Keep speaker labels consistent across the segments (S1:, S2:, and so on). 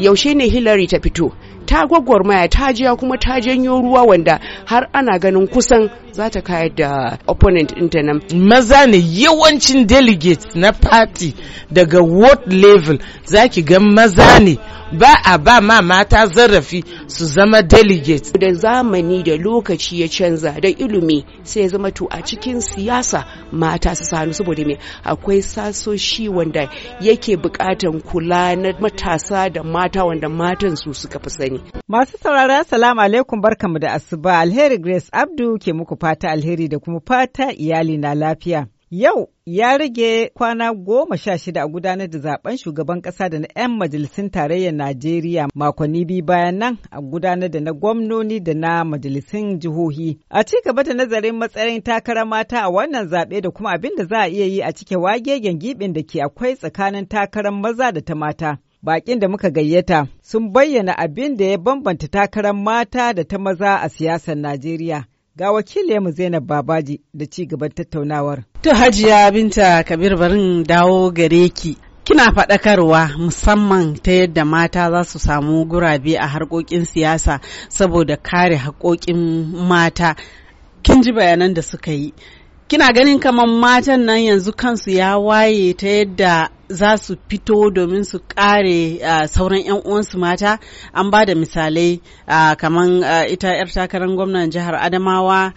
S1: yaushe ne hillary ta fito ta gwagwarmaya ta jiya kuma ta janyo ruwa wanda har ana ganin kusan za ta kayar da opponent ɗinta nan. Maza ne yawancin
S2: delegates na party daga ward level za ki ga maza ne
S1: ba a ba ma mata zarafi su zama delegates. Da zamani da lokaci ya canza da ilimi sai ya zama to a cikin siyasa mata su sanu saboda me akwai sasoshi wanda yake bukatan kula na matasa da mata wanda matan su suka fi sani. Masu saurara salamu alaikum barkamu da asuba alheri
S3: Grace Abdu ke muku fata alheri da kuma fata iyali na lafiya. Yau ya rage kwana goma sha shida a gudanar da zaben shugaban kasa da na 'yan majalisun tarayyar Najeriya makonni biyu bayan nan a gudanar da na gwamnoni da na majalisun jihohi. A ci gaba da nazarin matsayin takarar mata a wannan zaɓe da kuma abin da za a iya yi a cike wagegen giɓin da ke akwai tsakanin takarar maza da ta mata. bakin da muka gayyata sun bayyana abin da ya bambanta takarar mata da ta maza a siyasar Najeriya. Ga mu Zainab Babaji da ci gaban tattaunawar.
S4: To Hajiya Binta Kabir barin dawo gare ki. Kina faɗakarwa musamman ta yadda mata za su samu gurabe a harkokin siyasa saboda kare haƙoƙin mata. Kin ji bayanan da suka yi. Kina ganin kamar matan nan yanzu kansu ya waye ta yadda za su fito domin su kare sauran 'yan uwansu mata an ba da misalai kamar ita 'yar takarar gwamnan jihar adamawa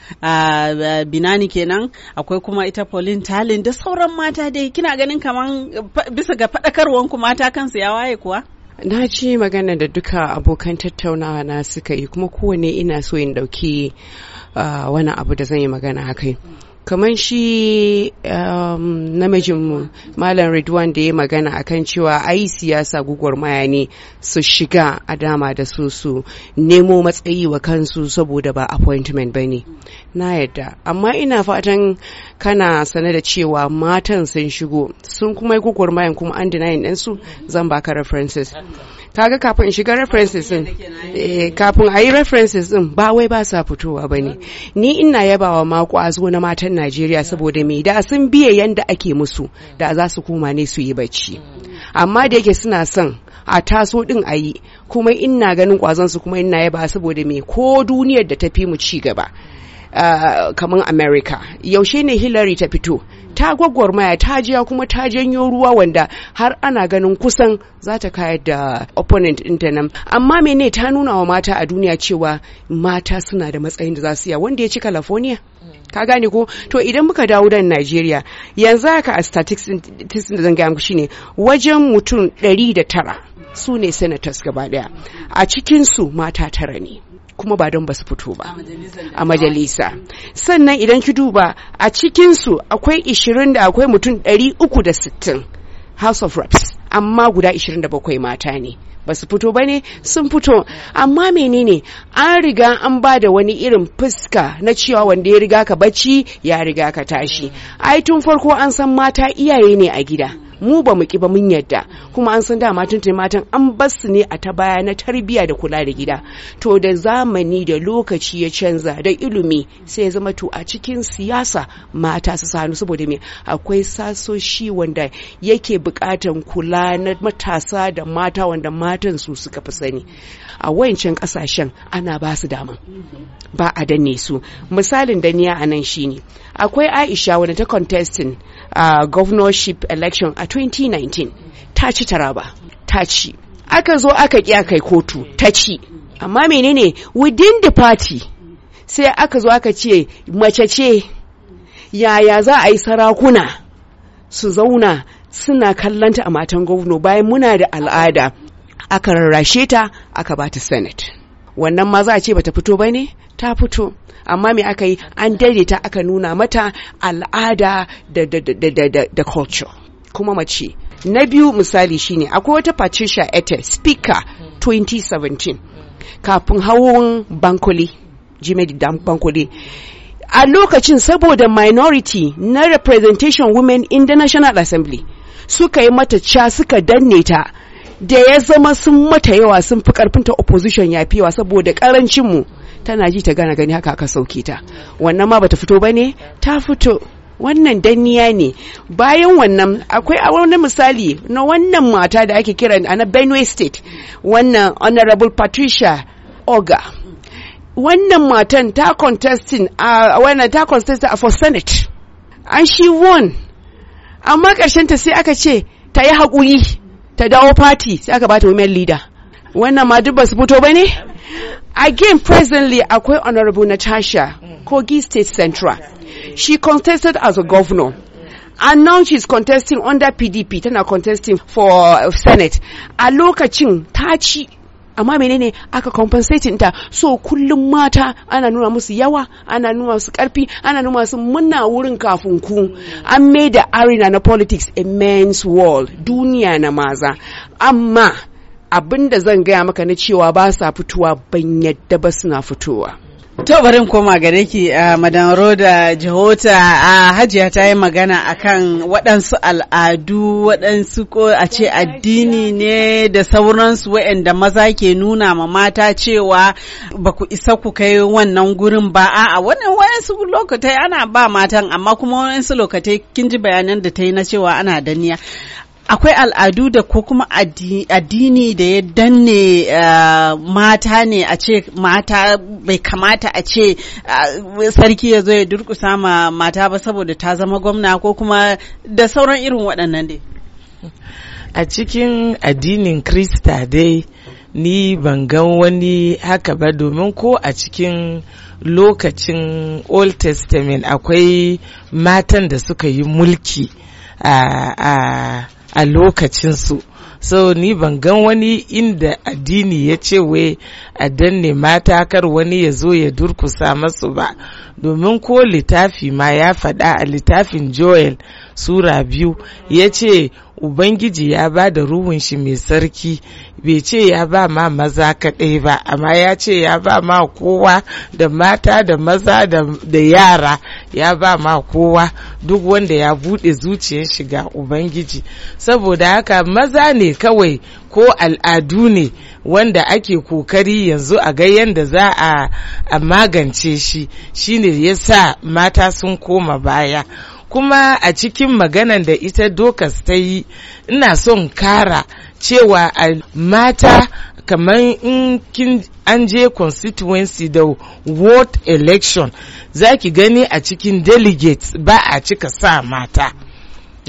S4: binani kenan akwai kuma ita pauline talin da sauran mata dai kina ganin kaman bisa ga faɗakarwanku mata kansu ya waye kuwa
S1: na ji magana da duka abokan tattaunawa na suka yi kuma kowane ina so in dauki wani abu da zan yi magana a kai. kamar shi um, namijin malam Ridwan da ya magana akan cewa ai siyasa gugwarmaya ne su shiga a dama da su su nemo matsayi wa kansu saboda ba appointment ba ne na yadda amma ina fatan kana sane da cewa matan sun shigo sun kuma yi gugwarmayan kuma an denying ɗinsu zan baka references ka ga kafin in shiga references din eh, kafin a yi references din ba wai ba sa fitowa bane ni ina yabawa ma kwazo na matan Najeriya saboda me da sun biye yanda ake musu da za su koma ne su yi bacci amma da yake suna son a taso din a yi kuma ina ganin kwazon su kuma ina yaba saboda me ko duniyar da ta fi mu ci gaba uh, kamar america yaushe ne hillary ta fito ta gwagwarmaya ta jiya kuma ta janyo ruwa wanda har ana ganin kusan za ta kayar da opponent ɗinta nan amma mene ta nuna wa mata a duniya cewa mata suna da matsayin da za su iya wanda ya ci california ka gane ko to idan muka dawo da Najeriya yanzu haka a statistics da zan gaya muku shine wajen mutum 109 su ne senators gaba daya a cikinsu mata tara ne kuma ba don ba su fito ba a majalisa sannan idan ki duba a cikinsu akwai 20 da akwai mutum 360 house of reps amma guda 27 mata ne ba su fito ba ne sun fito amma menene an riga an ba da wani irin fuska na cewa wanda ya riga ka bacci ya riga ka tashi ai tun farko an san mata iyaye ne a gida mu ba mu ki ba mun yadda kuma an san dama tun matan an bar su ne a ta baya na tarbiyya da kula da gida to da zamani da lokaci ya canza da ilimi sai ya zama to a cikin siyasa mata su sanu saboda me akwai sasoshi wanda yake bukatan kula na matasa da mata wanda matan su suka fi sani a wayancin kasashen ana ba su dama ba a danne su misalin daniya a nan shine akwai aisha wani ta contesting a uh, governorship election a 2019 ta ci taraba ta ci aka zo aka ƙi kai kotu ta ci amma menene within the party sai aka zo aka ce mace ce yaya za a yi sarakuna su zauna suna kallanta a matan gwamna bayan muna da al'ada aka rarrashe ta aka ba ta senate wannan ma za a ce bata fito ba ne ta fito amma me aka yi an daidaita aka nuna mata al'ada da culture kuma mace na biyu misali shine akwai wata patricia ete speaker 2017 kafin hawon bankole jimedi dam bankole a lokacin saboda minority na representation women in the national assembly suka yi mata ca suka danne ta da ya zama sun mata yawa sun fi ta opposition ya fi yawa saboda karancin mu tana ji ta gana gani haka aka sauke ta wannan ma bata fito bane ta fito wannan danniya ne bayan wannan akwai a wani misali na wannan mata da ake kira na benue state wannan honorable patricia oga wannan matan ta contesting a uh, wannan ta a for senate and she won amma ƙarshen ta sai aka ce ta yi haƙuri ta dawo party sai aka bata women leader wannan ma duk basu fito ne again presently akwai honorable natasha kogi state central she contested as a governor and now she's contesting under pdp tana contesting for senate a lokacin ta ci amma menene aka compensating ta so kullum mata ana nuna musu yawa ana nuna su karfi ana nuna su muna wurin kafin ku an mai da arena na politics a men's world duniya na maza amma abinda zan gaya maka na cewa ba sa fitowa ban yadda ba suna fitowa To bari koma
S4: gare ki a madan Roda Jihota a Hajiya ta yi magana akan waɗansu al'adu waɗansu ko a ce addini ne da sauransu waɗanda maza ke nuna ma mata cewa ba ku isa ku kai wannan gurin ba a'a wannan waɗansu lokatai ana ba matan amma kuma waɗansu lokatai kin ji bayanan da ta yi na cewa ana daniya. akwai al'adu da ko kuma addini da ya danne eh, mata ne a ce mata bai kamata a ce eh, sarki ya zo ya durkusa ma mata ba saboda ta zama gwamna ko kuma da sauran irin waɗannan dai
S2: a cikin addinin krista dai ni ban gan wani haka ba domin ko a cikin lokacin old testament akwai matan da suka yi mulki a a lokacinsu so ni ban gan wani inda addini ya ce wai a danne mata kar wani ya zo ya durkusa masu ba domin ko littafi ma ya faɗa a littafin joel sura biyu ya ce ubangiji ya ba da ruhun shi mai sarki bai ce ya ba ma maza kaɗai ba amma ya ce ya ba ma kowa da mata da maza da yara ya ba ma kowa duk wanda ya buɗe zuciyar shiga ubangiji saboda haka maza ne kawai ko al'adu ne wanda ake kokari yanzu a ga yadda za a magance shi shine ya sa mata sun koma baya kuma a cikin magana da ita dokas ta yi ina son kara cewa a mata kamar in kin an je constituency da ward election za ki gani a cikin delegates ba a cika sa mata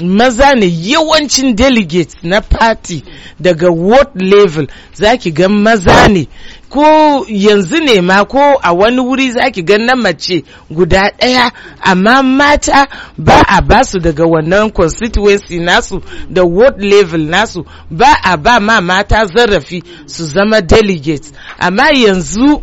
S2: maza ne yawancin delegates na party daga ward level za ki ga maza ne ko yanzu ne ma ko a wani wuri za ki ga na mace guda ɗaya amma mata ba a ba su daga wannan constituency nasu da ward level nasu ba a ba ma mata zarafi su zama delegates amma yanzu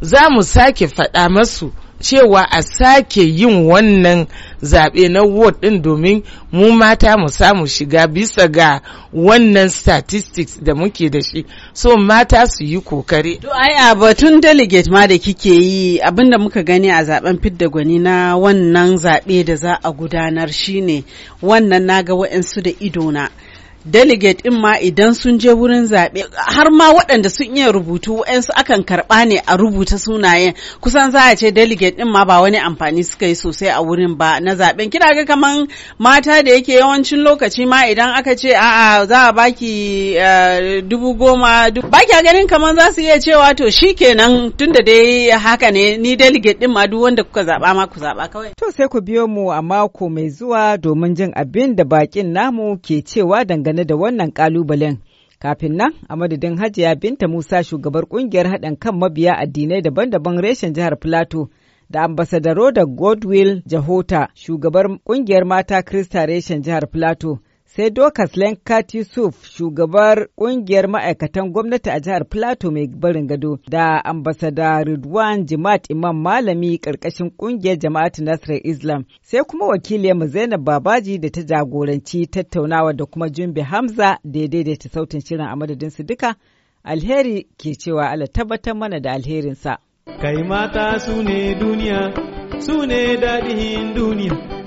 S2: za mu sake faɗa masu cewa a sake yin wannan zaɓe na ward ɗin domin mu mata mu samu shiga bisa ga wannan statistics da muke da shi so mata su yi kokari. To ai a batun delegate ma da kike yi abinda muka gani a
S4: zaben fidda gwani na wannan zaɓe da za a gudanar shine wannan naga wa'insu da idona. delegate in ma idan sun je wurin zaɓe har ma waɗanda sun iya rubutu su akan karɓa ne a rubuta sunayen kusan za a ce delegate in ma ba wani amfani suka yi sosai a wurin ba na zaɓen kina ga kaman mata da yake yawancin lokaci ma idan aka ce a'a za a baki eh, dubu goma ba baki ganin kaman za su iya cewa to shi tun tunda dai haka ne ni delegate din ma duk wanda kuka zaɓa ma ku zaɓa kawai
S3: to sai ku biyo mu a mako mai zuwa domin jin abin da bakin namu ke cewa dangane dangane da wannan kalubalen. Kafin nan, a madadin Hajiya Binta Musa shugabar kungiyar haɗin kan mabiya addinai daban-daban reshen jihar Filato da ambasadaro da Godwill Jahota shugabar kungiyar mata Krista reshen jihar Filato. sai Dokas Lenkati Yusuf shugabar kungiyar ma'aikatan gwamnati a jihar Plato mai barin gado da ambasada Ridwan Jimat Imam Malami karkashin kungiyar Jama'atu Nasra Islam sai kuma wakiliyarmu Zainab Babaji da ta jagoranci tattaunawa da kuma Jumbe Hamza da ta daidaita sautin shirin a madadin su duka alheri ke cewa Allah tabbatar mana da alherinsa. Kai mata su duniya, su daɗin duniya.